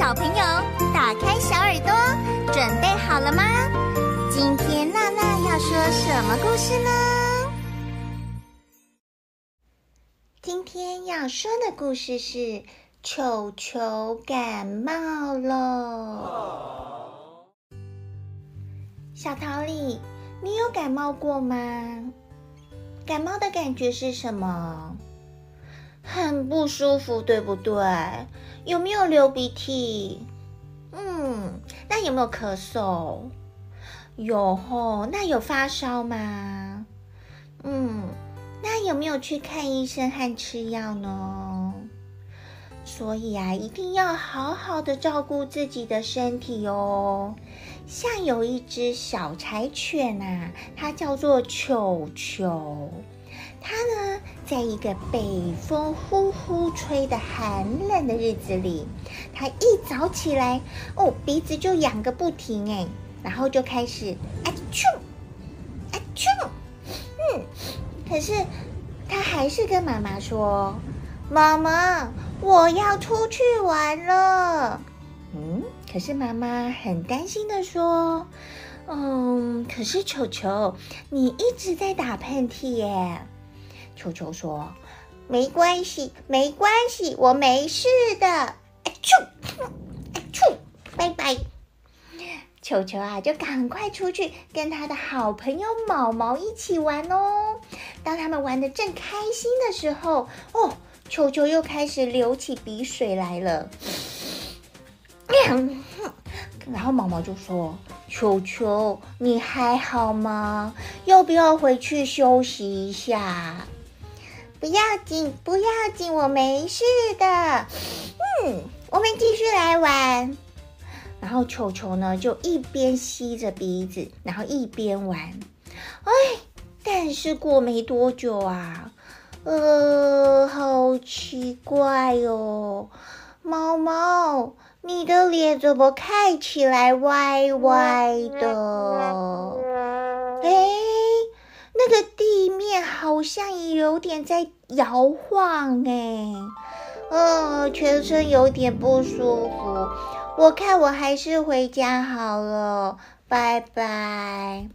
小朋友，打開小耳朵，準備好了嗎？今天娜娜要說什麼故事呢？今天要說的故事是《球球感冒了》。小桃李，你有感冒過嗎？感冒的感覺是什麼？很不舒服，對不對？有沒有流鼻涕？嗯，那有沒有咳嗽？有吼，哦，那有發燒嗎？嗯，那有沒有去看醫生和吃藥呢？所以啊，一定要好好的照顧自己的身體哦。像有一隻小柴犬啊，它叫做球球，它呢，在一個北風呼呼吹的寒冷的日子裡，他一早起來，哦，鼻子就癢個不停哎，然後就開始哎、啊，啾哎、啊，啾，嗯，可是他還是跟媽媽說：“媽媽，我要出去玩了。”嗯，可是媽媽很擔心的說：“嗯，可是球球，你一直在打噴嚏耶。”球球說：“沒關係，沒關係，我沒事的。”哎咻，哎咻，拜拜。球球啊，就趕快出去跟他的好朋友毛毛一起玩哦。當他們玩得正開心的時候，哦，球球又開始流起鼻水來了。然後毛毛就說：“球球，你還好嗎？要不要回去休息一下？”不要緊，不要緊，我沒事的。嗯，我們繼續來玩。然後球球呢，就一邊吸着鼻子，然後一邊玩。哎，但是過沒多久啊，呃，好奇怪哦。毛毛，你的臉怎麼看起來歪歪的？哎，那個地。好像也有點在搖晃哎、欸，嗯、哦，全身有點不舒服，我看我還是回家好了，拜拜。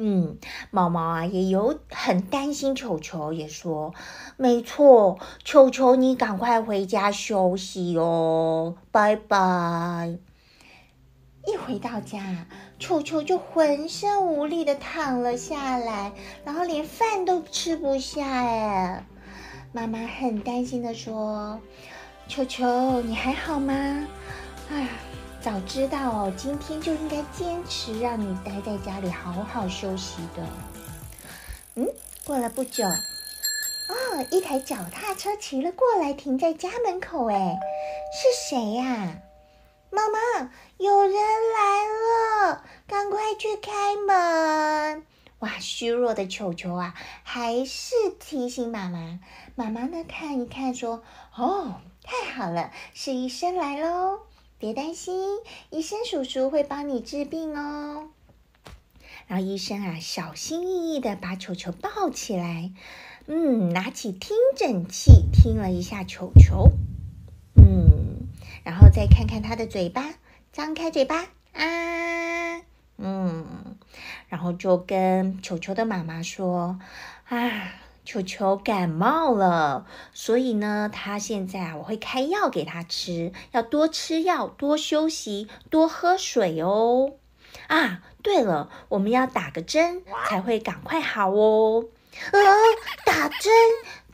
嗯，媽媽啊也有很擔心，球球也說沒錯，球球你趕快回家休息哦，拜拜。一回到家，球球就渾身無力的躺了下來，然後連飯都吃不下。哎，媽媽很擔心的說：“球球，你還好嗎？哎，早知道哦，今天就應該堅持讓你待在家裡好好休息的。”嗯，過了不久，啊，哦，一台腳踏車騎了過來，停在家門口。哎，是誰呀、啊？媽媽，有人來了，趕快去開門！哇，虛弱的球球啊，還是提醒媽媽。媽媽呢，看一看，說：“哦，太好了，是醫生來嘍，別擔心，醫生叔叔會幫你治病哦。”然後醫生啊，小心翼翼的把球球抱起來，嗯，拿起聽診器，聽了一下球球。再看看他的嘴巴，張開嘴巴啊，嗯，然後就跟球球的媽媽說啊，球球感冒了，所以呢，他現在啊，我會開藥給他吃，要多吃藥，多休息，多喝水哦。啊，對了，我們要打個針才會趕快好哦。呃、哦，打針，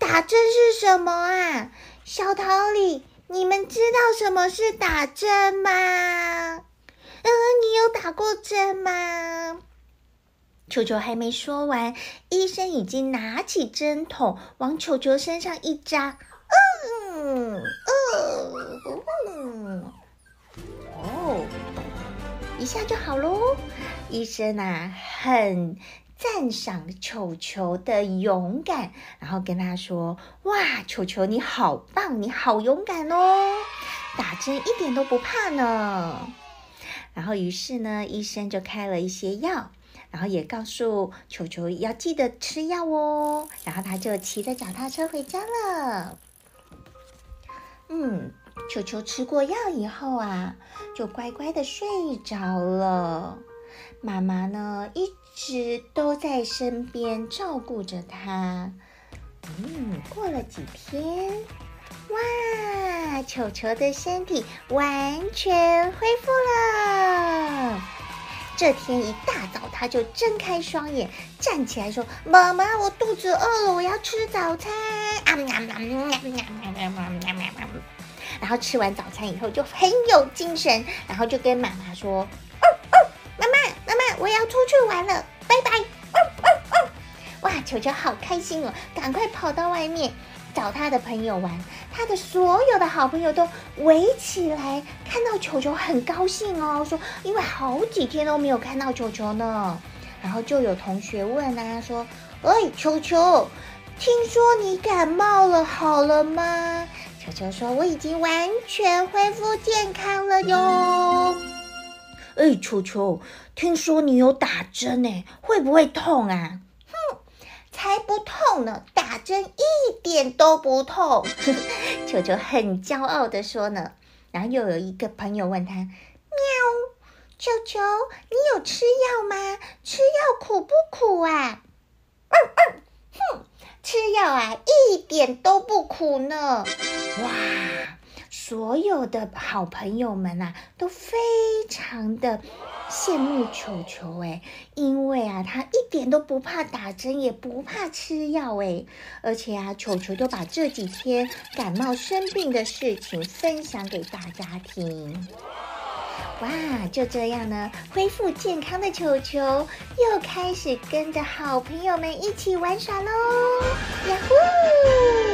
打針是什麼啊，小桃李？你們知道什麼是打針嗎？嗯、啊，你有打過針嗎？球球還沒說完，醫生已經拿起針筒往球球身上一扎，嗯嗯嗯，哦，一下就好咯，醫生啊，很。讚賞球球的勇敢，然後跟他說：“哇，球球你好棒，你好勇敢哦，打針一點都不怕呢。”然後於是呢，醫生就開了一些藥，然後也告訴球球要記得吃藥哦。然後他就騎着腳踏車回家了。嗯，球球吃過藥以後啊，就乖乖的睡着了。媽媽呢，一。一直都在身邊照顧着它。嗯，過了幾天，哇，球球的身體完全恢復了。這天一大早，它就睜開雙眼，站起來說：“媽媽，我肚子餓了，我要吃早餐。”啊嗯嗯啊，然後吃完早餐以後，就很有精神，然後就跟媽媽說。我要出去玩了，拜拜。啊啊啊！哇，球球好開心哦，趕快跑到外面找他的朋友玩。他的所有的好朋友都圍起來，看到球球很高興哦，說因為好幾天都沒有看到球球呢。然後就有同學問啊，說：“哎，球球，聽說你感冒了，好了嗎？”球球說：“我已經完全恢復健康了喲。”哎、欸，球球，聽說你有打針呢，會不會痛啊？哼，才不痛呢，打針一點都不痛。 球球很驕傲的說呢。然後又有一個朋友問他，喵，球球，你有吃藥嗎？吃藥苦不苦啊？嗯嗯，哼，吃藥啊，一點都不苦呢。哇。所有的好朋友們吶、啊，都非常的羨慕球球哎，因為啊，他一點都不怕打針，也不怕吃藥哎，而且啊，球球都把這幾天感冒生病的事情分享給大家聽。哇！就這樣呢，恢復健康的球球又開始跟着好朋友們一起玩耍嘍！呀呼！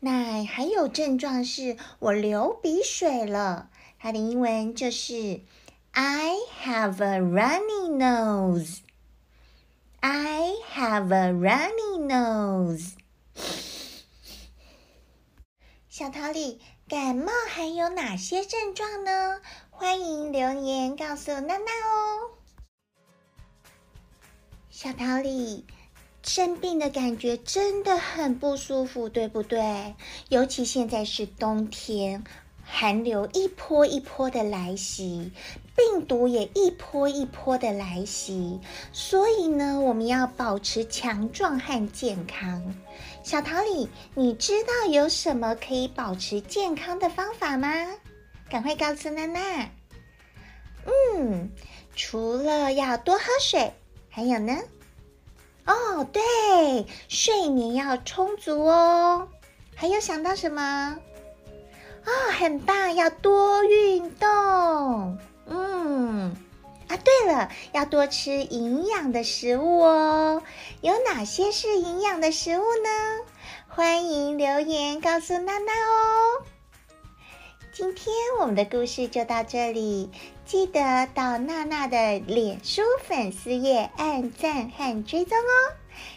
那還有症狀是我流鼻水了，它的英文就是 I have a runny nose。I have a runny nose。 小桃李，感冒還有哪些症狀呢？歡迎留言告訴娜娜哦。小桃李。生病的感覺真的很不舒服，對不對？尤其現在是冬天，寒流一波一波的來襲，病毒也一波一波的來襲。所以呢，我們要保持強壯和健康。小桃李，你知道有什麼可以保持健康的方法嗎？趕快告訴娜娜。嗯，除了要多喝水，還有呢？哦，對，睡眠要充足哦。還有想到什麼？哦，很棒，要多運動。嗯，啊，對了，要多吃營養的食物哦。有哪些是營養的食物呢？歡迎留言告訴娜娜哦。今天我們的故事就到這裡，記得到娜娜的臉書粉絲頁按讚和追蹤哦。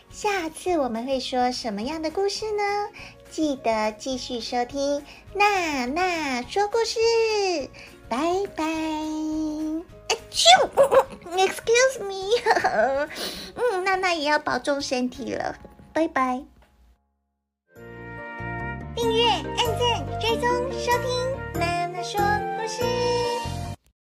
下次我們會說什麼樣的故事呢？記得繼續收聽娜娜說故事，拜拜。啊、嗆嗆嗆嗆 excuse me，呵呵嗯，娜娜也要保重身體了，拜拜。訂閱、按讚、追蹤、收聽。奶奶說不是